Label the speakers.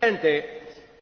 Speaker 1: presidente